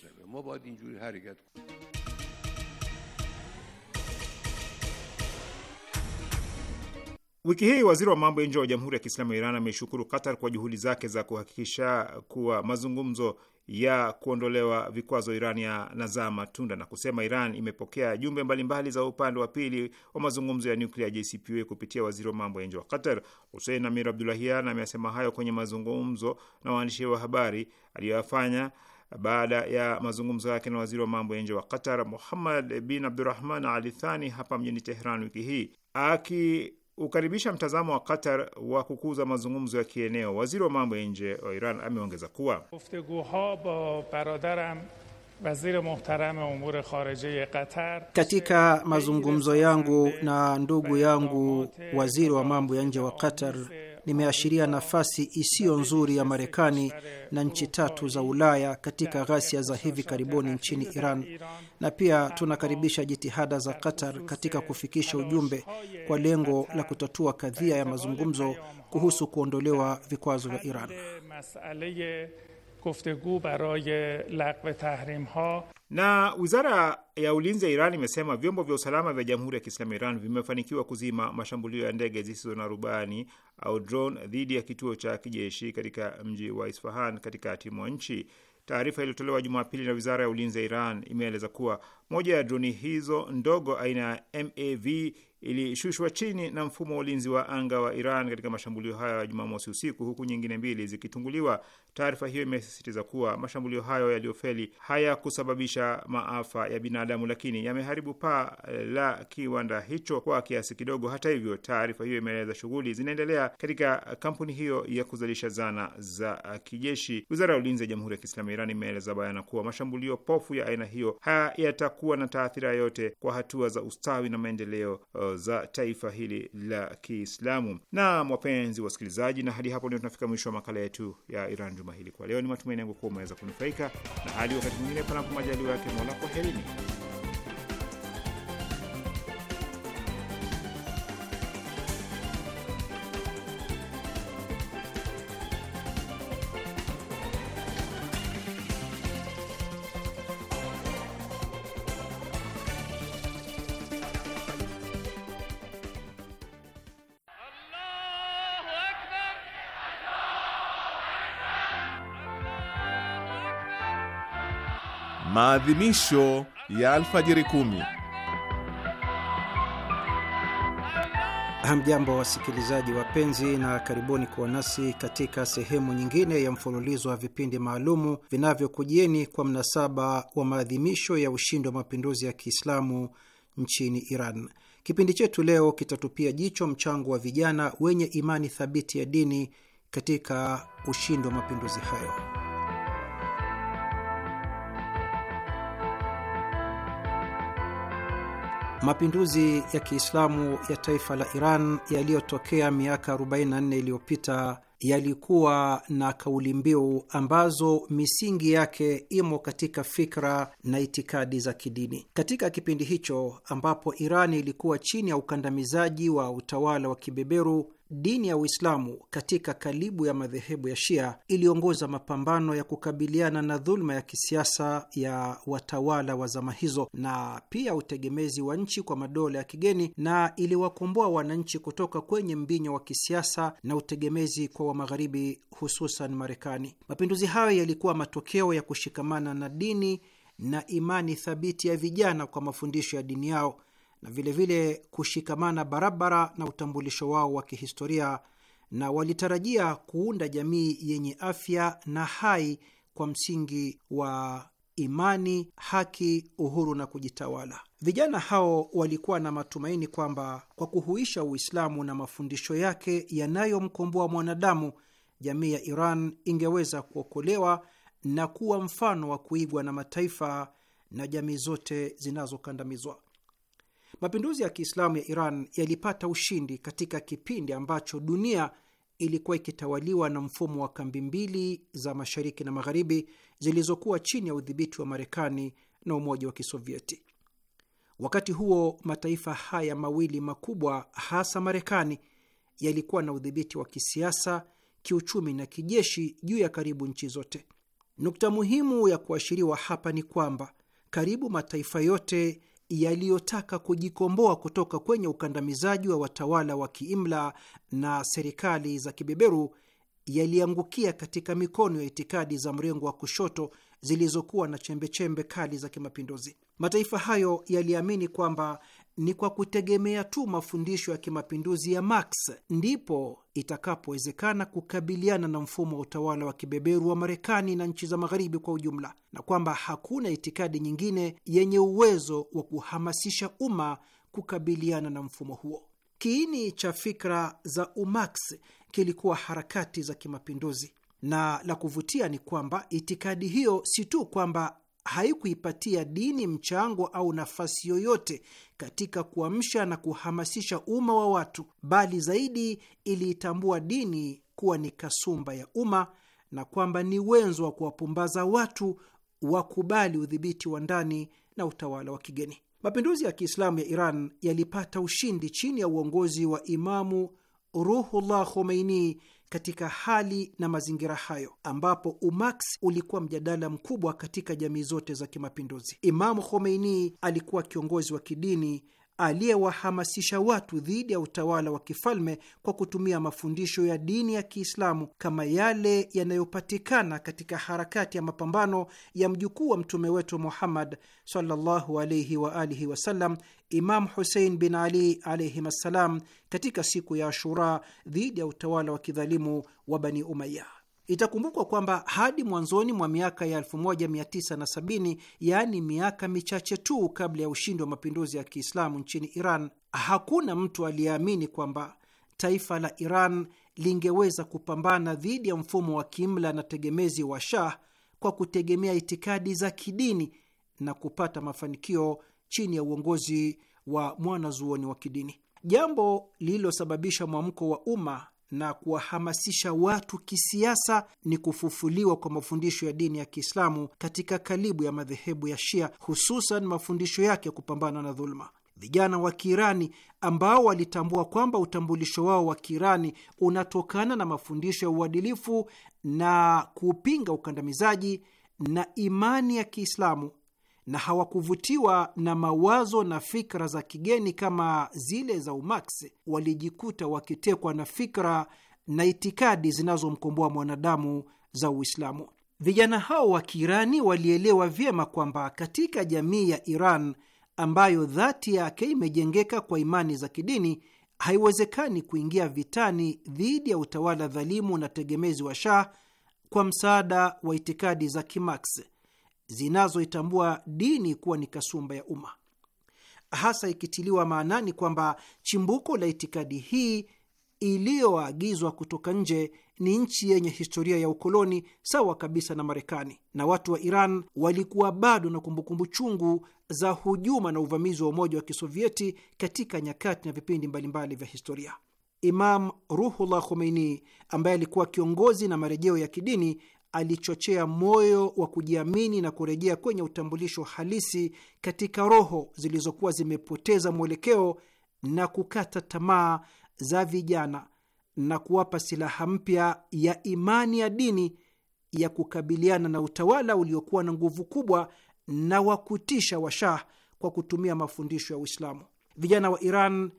Wiki hii waziri wa mambo ya nje wa Jamhuri ya Kiislamu ya Iran ameshukuru Qatar kwa juhudi zake za kuhakikisha kuwa mazungumzo ya kuondolewa vikwazo Iran yanazaa matunda na kusema Iran imepokea jumbe mbalimbali za upande wa pili wa mazungumzo ya nuklia JCPOA kupitia waziri wa mambo ya nje wa Qatar. Husein Amir Abdulahian amesema hayo kwenye mazungumzo na waandishi wa habari aliyoyafanya baada ya mazungumzo yake na waziri wa mambo ya nje wa Qatar Muhammad bin Abdurahman Al Thani hapa mjini Tehran wiki hii aki ukaribisha mtazamo wa Qatar wa kukuza mazungumzo ya kieneo. Waziri wa mambo ya nje wa Iran ameongeza kuwa katika mazungumzo yangu na ndugu yangu waziri wa mambo ya nje wa Qatar limeashiria nafasi isiyo nzuri ya Marekani na nchi tatu za Ulaya katika ghasia za hivi karibuni nchini Iran, na pia tunakaribisha jitihada za Qatar katika kufikisha ujumbe kwa lengo la kutatua kadhia ya mazungumzo kuhusu kuondolewa vikwazo vya Iran. گفتگو برای لغو تحریم ها na wizara ya ulinzi ya Iran imesema vyombo vya usalama vya Jamhuri ya Kiislamu ya Iran vimefanikiwa kuzima mashambulio ya ndege zisizo na rubani au drone dhidi ya kituo cha kijeshi katika mji wa Isfahan katikati mwa nchi. Taarifa iliyotolewa Jumapili na wizara ya ulinzi ya Iran imeeleza kuwa moja ya droni hizo ndogo aina ya MAV ilishushwa chini na mfumo wa ulinzi wa anga wa Iran katika mashambulio hayo ya Jumamosi usiku, huku nyingine mbili zikitunguliwa. Taarifa hiyo imesisitiza kuwa mashambulio hayo yaliyofeli hayakusababisha maafa ya binadamu, lakini yameharibu paa eh, la kiwanda hicho kwa kiasi kidogo. Hata hivyo, taarifa hiyo imeeleza shughuli zinaendelea katika kampuni hiyo ya kuzalisha zana za kijeshi. Wizara ya ulinzi ya Jamhuri ya Kiislamu ya Iran imeeleza bayana kuwa mashambulio pofu ya aina hiyo hayatakuwa na taathira yyote kwa hatua za ustawi na maendeleo eh, za taifa hili la Kiislamu. Na wapenzi wasikilizaji, na hadi hapo ndio tunafika mwisho wa makala yetu ya Iran juma hili. Kwa leo, ni matumaini yangu kuwa umeweza kunufaika na. Hadi wakati mwingine, panapo majaliwa yake Mola, kwaherini. maadhimisho ya alfajiri kumi. Hamjambo wasikilizaji wapenzi, na karibuni kuwa nasi katika sehemu nyingine ya mfululizo wa vipindi maalumu vinavyokujieni kwa mnasaba wa maadhimisho ya ushindi wa mapinduzi ya Kiislamu nchini Iran. Kipindi chetu leo kitatupia jicho mchango wa vijana wenye imani thabiti ya dini katika ushindi wa mapinduzi hayo. Mapinduzi ya Kiislamu ya taifa la Iran yaliyotokea miaka 44 iliyopita yalikuwa na kauli mbiu ambazo misingi yake imo katika fikra na itikadi za kidini. Katika kipindi hicho ambapo Iran ilikuwa chini ya ukandamizaji wa utawala wa kibeberu dini ya Uislamu katika kalibu ya madhehebu ya Shia iliongoza mapambano ya kukabiliana na dhuluma ya kisiasa ya watawala wa zama hizo na pia utegemezi wa nchi kwa madola ya kigeni, na iliwakomboa wananchi kutoka kwenye mbinyo wa kisiasa na utegemezi kwa wa Magharibi, hususan Marekani. Mapinduzi hayo yalikuwa matokeo ya kushikamana na dini na imani thabiti ya vijana kwa mafundisho ya dini yao na vilevile vile kushikamana barabara na utambulisho wao wa kihistoria, na walitarajia kuunda jamii yenye afya na hai kwa msingi wa imani, haki, uhuru na kujitawala. Vijana hao walikuwa na matumaini kwamba kwa kuhuisha Uislamu na mafundisho yake yanayomkomboa mwanadamu, jamii ya Iran ingeweza kuokolewa na kuwa mfano wa kuigwa na mataifa na jamii zote zinazokandamizwa. Mapinduzi ya Kiislamu ya Iran yalipata ushindi katika kipindi ambacho dunia ilikuwa ikitawaliwa na mfumo wa kambi mbili za mashariki na magharibi zilizokuwa chini ya udhibiti wa Marekani na Umoja wa Kisovieti. Wakati huo mataifa haya mawili makubwa, hasa Marekani, yalikuwa na udhibiti wa kisiasa, kiuchumi na kijeshi juu ya karibu nchi zote. Nukta muhimu ya kuashiriwa hapa ni kwamba karibu mataifa yote yaliyotaka kujikomboa kutoka kwenye ukandamizaji wa watawala wa kiimla na serikali za kibeberu yaliangukia katika mikono ya itikadi za mrengo wa kushoto zilizokuwa na chembechembe kali za kimapinduzi. Mataifa hayo yaliamini kwamba ni kwa kutegemea tu mafundisho ya kimapinduzi ya Marx ndipo itakapowezekana kukabiliana na mfumo wa utawala wa kibeberu wa Marekani na nchi za Magharibi kwa ujumla, na kwamba hakuna itikadi nyingine yenye uwezo wa kuhamasisha umma kukabiliana na mfumo huo. Kiini cha fikra za umax kilikuwa harakati za kimapinduzi, na la kuvutia ni kwamba itikadi hiyo si tu kwamba haikuipatia dini mchango au nafasi yoyote katika kuamsha na kuhamasisha umma wa watu, bali zaidi iliitambua dini kuwa ni kasumba ya umma na kwamba ni wenzo wa kuwapumbaza watu wakubali udhibiti wa ndani na utawala wa kigeni. Mapinduzi ya Kiislamu ya Iran yalipata ushindi chini ya uongozi wa Imamu Ruhullah Khomeini katika hali na mazingira hayo ambapo umax ulikuwa mjadala mkubwa katika jamii zote za kimapinduzi. Imamu Khomeini alikuwa kiongozi wa kidini aliyewahamasisha watu dhidi ya utawala wa kifalme kwa kutumia mafundisho ya dini ya Kiislamu kama yale yanayopatikana katika harakati ya mapambano ya mjukuu wa mtume wetu Muhammad sallallahu alayhi wa alihi wasallam, Imam Husein bin Ali alayhim assalam, katika siku ya Ashura dhidi ya utawala wa kidhalimu wa Bani Umaya. Itakumbukwa kwamba hadi mwanzoni mwa miaka ya 1970 yaani miaka michache tu kabla ya ushindi wa mapinduzi ya Kiislamu nchini Iran, hakuna mtu aliyeamini kwamba taifa la Iran lingeweza kupambana dhidi ya mfumo wa kiimla na tegemezi wa Shah kwa kutegemea itikadi za kidini na kupata mafanikio chini ya uongozi wa mwanazuoni wa kidini, jambo lililosababisha mwamko wa umma na kuwahamasisha watu kisiasa ni kufufuliwa kwa mafundisho ya dini ya Kiislamu katika kalibu ya madhehebu ya Shia, hususan mafundisho yake ya kupambana na dhuluma. Vijana wa Kiirani ambao walitambua kwamba utambulisho wao wa Kiirani unatokana na mafundisho ya uadilifu na kupinga ukandamizaji na imani ya Kiislamu na hawakuvutiwa na mawazo na fikra za kigeni kama zile za umax walijikuta wakitekwa na fikra na itikadi zinazomkomboa mwanadamu za Uislamu. Vijana hao wa Kiirani walielewa vyema kwamba katika jamii ya Iran ambayo dhati yake imejengeka kwa imani za kidini haiwezekani kuingia vitani dhidi ya utawala dhalimu na tegemezi wa Shah kwa msaada wa itikadi za Kimarx zinazoitambua dini kuwa ni kasumba ya umma, hasa ikitiliwa maanani kwamba chimbuko la itikadi hii iliyoagizwa kutoka nje ni nchi yenye historia ya ukoloni sawa kabisa na Marekani, na watu wa Iran walikuwa bado na kumbukumbu chungu za hujuma na uvamizi wa Umoja wa Kisovieti katika nyakati na vipindi mbalimbali vya historia. Imam Ruhullah Khomeini, ambaye alikuwa kiongozi na marejeo ya kidini, alichochea moyo wa kujiamini na kurejea kwenye utambulisho halisi katika roho zilizokuwa zimepoteza mwelekeo na kukata tamaa za vijana na kuwapa silaha mpya ya imani ya dini ya kukabiliana na utawala uliokuwa na nguvu kubwa na wa kutisha wa Shah kwa kutumia mafundisho ya Uislamu. Vijana wa Iran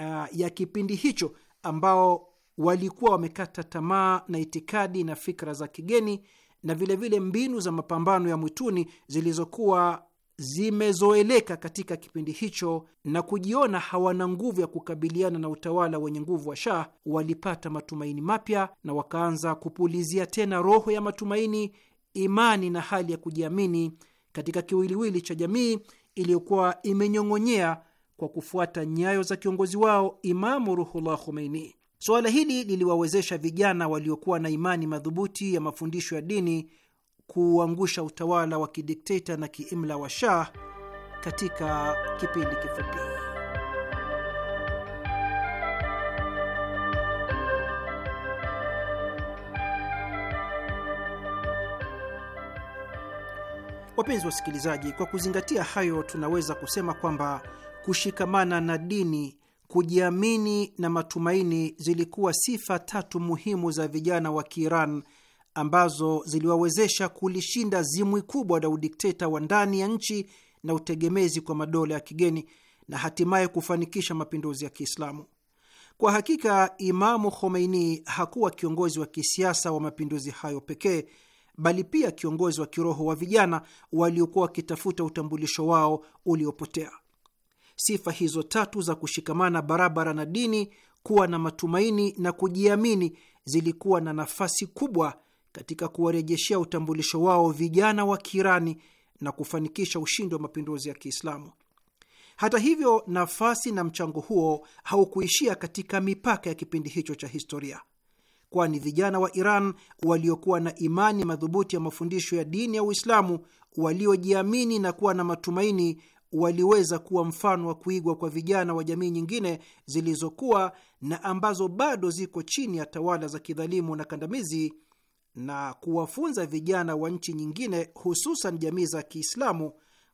uh, ya kipindi hicho ambao walikuwa wamekata tamaa na itikadi na fikra za kigeni na vilevile vile mbinu za mapambano ya mwituni zilizokuwa zimezoeleka katika kipindi hicho na kujiona hawana nguvu ya kukabiliana na utawala wenye nguvu wa Shah, walipata matumaini mapya na wakaanza kupulizia tena roho ya matumaini, imani na hali ya kujiamini katika kiwiliwili cha jamii iliyokuwa imenyong'onyea kwa kufuata nyayo za kiongozi wao Imamu Ruhullah Khomeini. Suala hili liliwawezesha vijana waliokuwa na imani madhubuti ya mafundisho ya dini kuuangusha utawala wa kidikteta na kiimla wa Shah katika kipindi kifupi. Wapenzi wasikilizaji, kwa kuzingatia hayo, tunaweza kusema kwamba kushikamana na dini kujiamini na matumaini zilikuwa sifa tatu muhimu za vijana wa Kiiran ambazo ziliwawezesha kulishinda zimwi kubwa la udikteta wa ndani ya nchi na utegemezi kwa madola ya kigeni na hatimaye kufanikisha mapinduzi ya Kiislamu. Kwa hakika, Imamu Khomeini hakuwa kiongozi wa kisiasa wa mapinduzi hayo pekee, bali pia kiongozi wa kiroho wa vijana waliokuwa wakitafuta utambulisho wao uliopotea sifa hizo tatu za kushikamana barabara na dini, kuwa na matumaini na kujiamini zilikuwa na nafasi kubwa katika kuwarejeshea utambulisho wao vijana wa Kiirani na kufanikisha ushindi wa mapinduzi ya Kiislamu. Hata hivyo, nafasi na mchango huo haukuishia katika mipaka ya kipindi hicho cha historia, kwani vijana wa Iran waliokuwa na imani madhubuti ya mafundisho ya dini ya Uislamu, waliojiamini na kuwa na matumaini, waliweza kuwa mfano wa kuigwa kwa vijana wa jamii nyingine zilizokuwa na ambazo bado ziko chini ya tawala za kidhalimu na kandamizi na kuwafunza vijana wa nchi nyingine, hususan jamii za Kiislamu,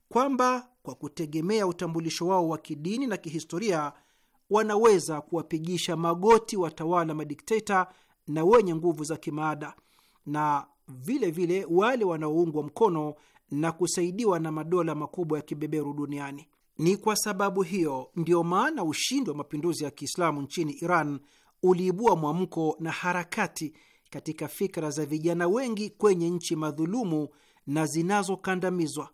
kwamba kwa kutegemea utambulisho wao wa kidini na kihistoria wanaweza kuwapigisha magoti watawala madikteta na wenye nguvu za kimaada na vilevile vile wale wanaoungwa mkono na kusaidiwa na madola makubwa ya kibeberu duniani. Ni kwa sababu hiyo ndiyo maana ushindi wa mapinduzi ya Kiislamu nchini Iran uliibua mwamko na harakati katika fikra za vijana wengi kwenye nchi madhulumu na zinazokandamizwa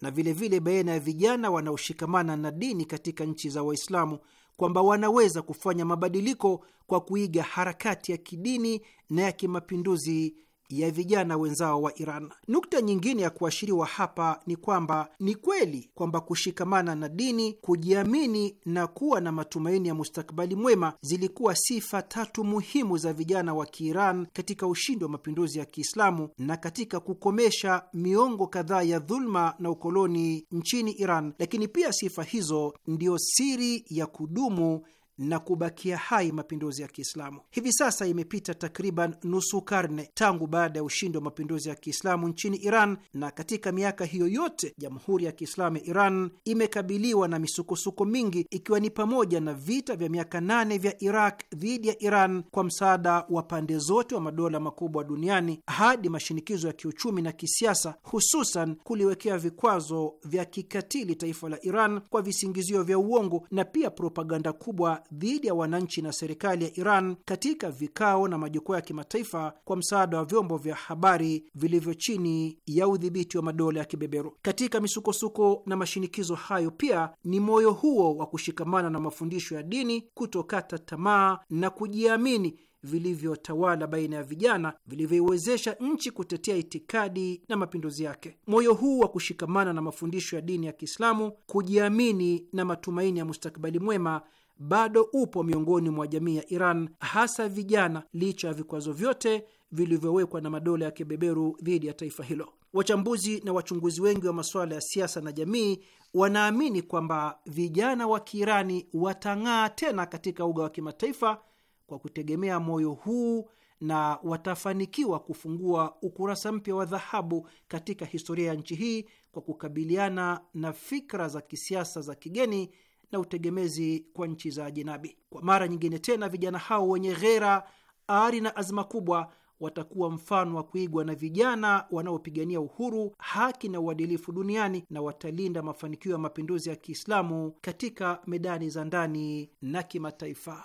na vilevile baina ya vijana wanaoshikamana na dini katika nchi za Waislamu kwamba wanaweza kufanya mabadiliko kwa kuiga harakati ya kidini na ya kimapinduzi ya vijana wenzao wa Iran. Nukta nyingine ya kuashiriwa hapa ni kwamba ni kweli kwamba kushikamana na dini, kujiamini na kuwa na matumaini ya mustakbali mwema zilikuwa sifa tatu muhimu za vijana wa Kiiran katika ushindi wa mapinduzi ya Kiislamu na katika kukomesha miongo kadhaa ya dhuluma na ukoloni nchini Iran, lakini pia sifa hizo ndio siri ya kudumu na kubakia hai mapinduzi ya Kiislamu. Hivi sasa imepita takriban nusu karne tangu baada ya ushindi wa mapinduzi ya Kiislamu nchini Iran, na katika miaka hiyo yote Jamhuri ya Kiislamu ya Iran imekabiliwa na misukosuko mingi, ikiwa ni pamoja na vita vya miaka nane vya Iraq dhidi ya Iran kwa msaada wa pande zote wa madola makubwa duniani, hadi mashinikizo ya kiuchumi na kisiasa, hususan kuliwekea vikwazo vya kikatili taifa la Iran kwa visingizio vya uongo na pia propaganda kubwa dhidi ya wananchi na serikali ya Iran katika vikao na majukwaa ya kimataifa kwa msaada wa vyombo vya habari vilivyo chini ya udhibiti wa madola ya kibeberu. Katika misukosuko na mashinikizo hayo, pia ni moyo huo wa kushikamana na mafundisho ya dini, kutokata tamaa na kujiamini vilivyotawala baina ya vijana vilivyoiwezesha nchi kutetea itikadi na mapinduzi yake. Moyo huu wa kushikamana na mafundisho ya dini ya Kiislamu, kujiamini na matumaini ya mustakabali mwema bado upo miongoni mwa jamii ya Iran, hasa vijana, licha ya vikwazo vyote vilivyowekwa na madola ya kibeberu dhidi ya taifa hilo. Wachambuzi na wachunguzi wengi wa masuala ya siasa na jamii wanaamini kwamba vijana wa Kiirani watang'aa tena katika uga wa kimataifa kwa kutegemea moyo huu na watafanikiwa kufungua ukurasa mpya wa dhahabu katika historia ya nchi hii kwa kukabiliana na fikra za kisiasa za kigeni na utegemezi kwa nchi za ajinabi. Kwa mara nyingine tena, vijana hao wenye ghera, ari na azma kubwa watakuwa mfano wa kuigwa na vijana wanaopigania uhuru, haki na uadilifu duniani na watalinda mafanikio ya mapinduzi ya Kiislamu katika medani za ndani na kimataifa.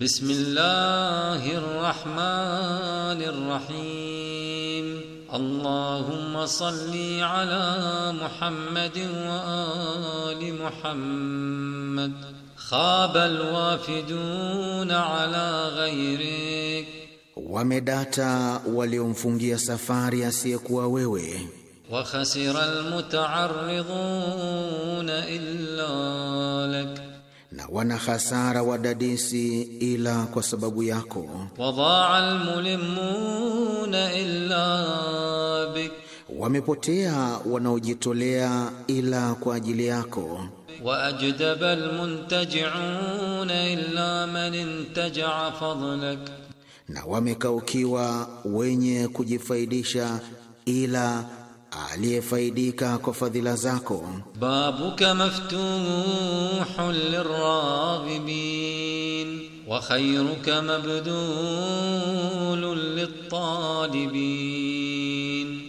بسم الله الرحمن الرحيم اللهم صل على محمد وآل محمد خاب الوافدون على غيرك wamedata waliomfungia safari asiyekuwa wewe وخسر المتعرضون إلا لك wana hasara wadadisi ila kwa sababu yako. Wadaa illa bik, Wamepotea wanaojitolea ila kwa ajili yako. Wa Waajdaba almuntajiuna illa man intaja fadlak, na wamekaukiwa wenye kujifaidisha ila aliyefaidika kwa fadhila zako. babuka maftuhun liragibin wa khayruka mabdulun litalibin,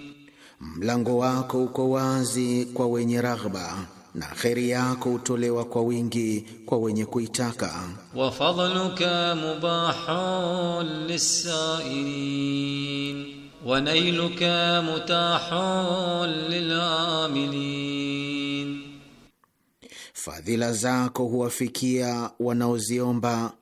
mlango wako uko wazi kwa wenye raghba na kheri yako hutolewa kwa wingi kwa wenye kuitaka. wa fadhluka mubahun lisailin ونيلك متاح للعاملين fadhila zako huwafikia wanaoziomba,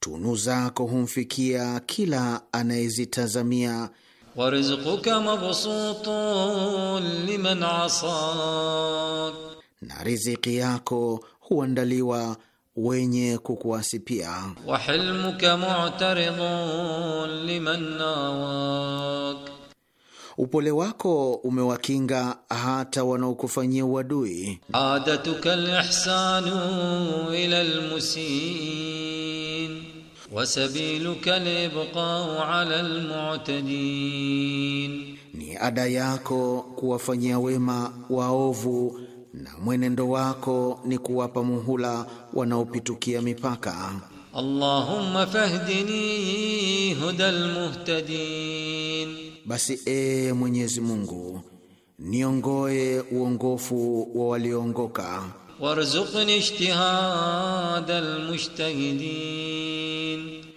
tunu zako humfikia kila anayezitazamia. warizquka mabsutun liman asad, na riziki yako huandaliwa wenye kukuasi pia. wa hilmuka mu'taridun liman nawak, upole wako umewakinga hata wanaokufanyia uadui. adatuka alihsanu ila almusin wa sabiluka libqa ala almu'tadin, ni ada yako kuwafanyia wema waovu na mwenendo wako ni kuwapa muhula wanaopitukia mipaka. Allahumma fahdini hudal muhtadin, basi e Mwenyezi Mungu niongoe uongofu wa walioongoka. Warzuqni ijtihadal mujtahidin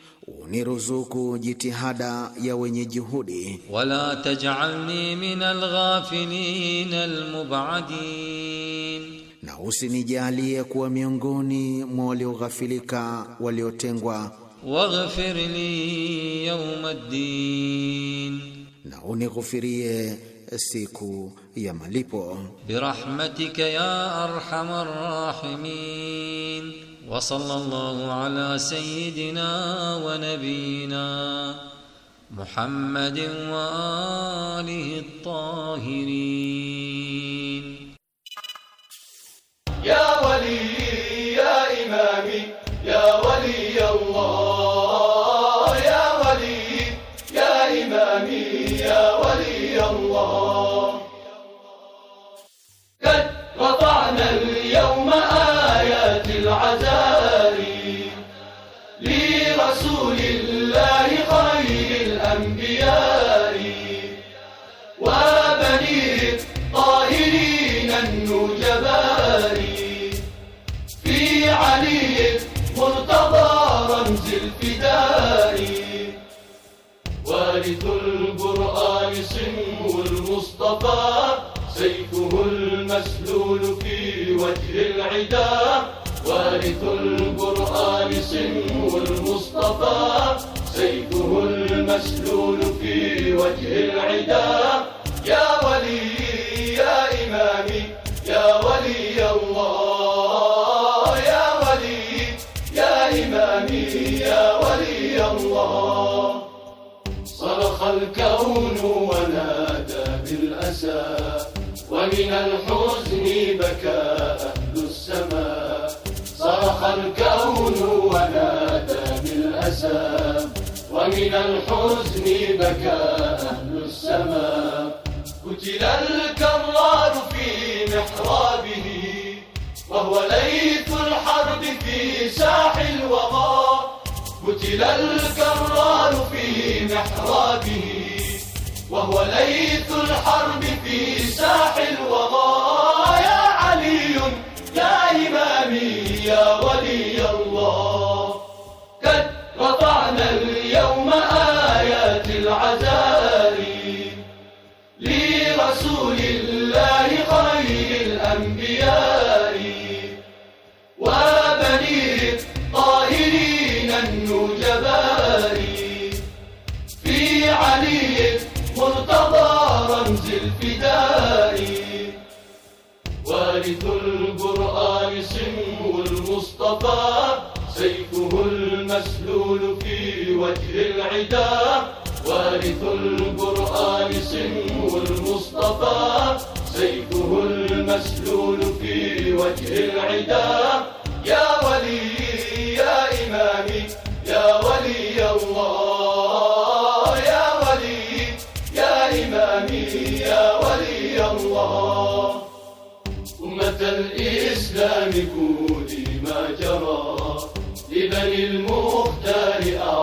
ni ruzuku jitihada ya wenye juhudi. Wala tajalni min alghafilin almubadin, na usinijalie kuwa miongoni mwa walioghafilika waliotengwa. Waghfir li yawm ad-din, na unighufirie siku ya malipo. Birahmatika ya arhamar rahimin وصلى الله على سيدنا ونبينا محمد وآله الطاهرين يا ولي يا إمامي يا ولي الله يا ولي يا إمامي يا ولي الله قد قطعنا اليوم المصطفى سيفه المسلول في وجه العدا وارث القرآن سمه المصطفى سيفه المسلول في وجه العدا يا ولي يا إمامي يا ولي الله يا ولي يا إمامي يا ولي الله صرخ الكون ومن الحزن بكى أهل السماء صرخ الكون ونادى بالأسى ومن الحزن بكى أهل السماء قتل الكرار في محرابه وهو ليث الحرب في ساح الوغى قتل الكرار في محرابه وهو ليث الحرب في ساح الوضايا يا علي يا إمامي يا ولي زيد القرآن سمو المصطفى سيفه المسلول في وجه العدا وارث القرآن سمو المصطفى سيفه المسلول في وجه العدا يا ولي يا إمامي يا ولي الله الإسلام كودي ما جرى لبني المختار أعظم آه.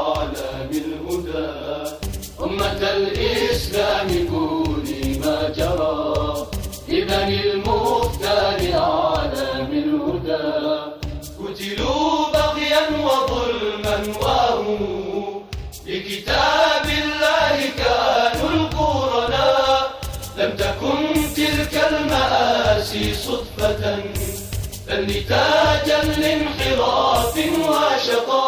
صدفة فالنتاجا لانحراف وشقاء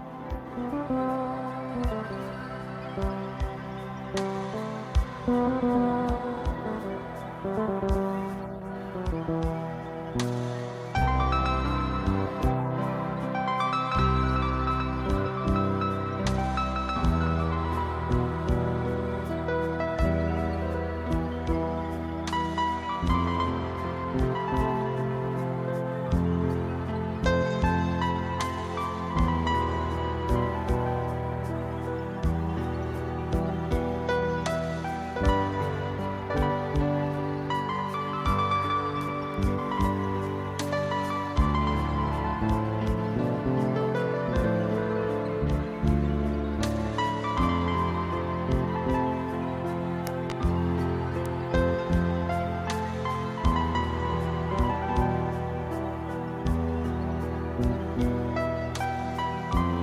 Thank you.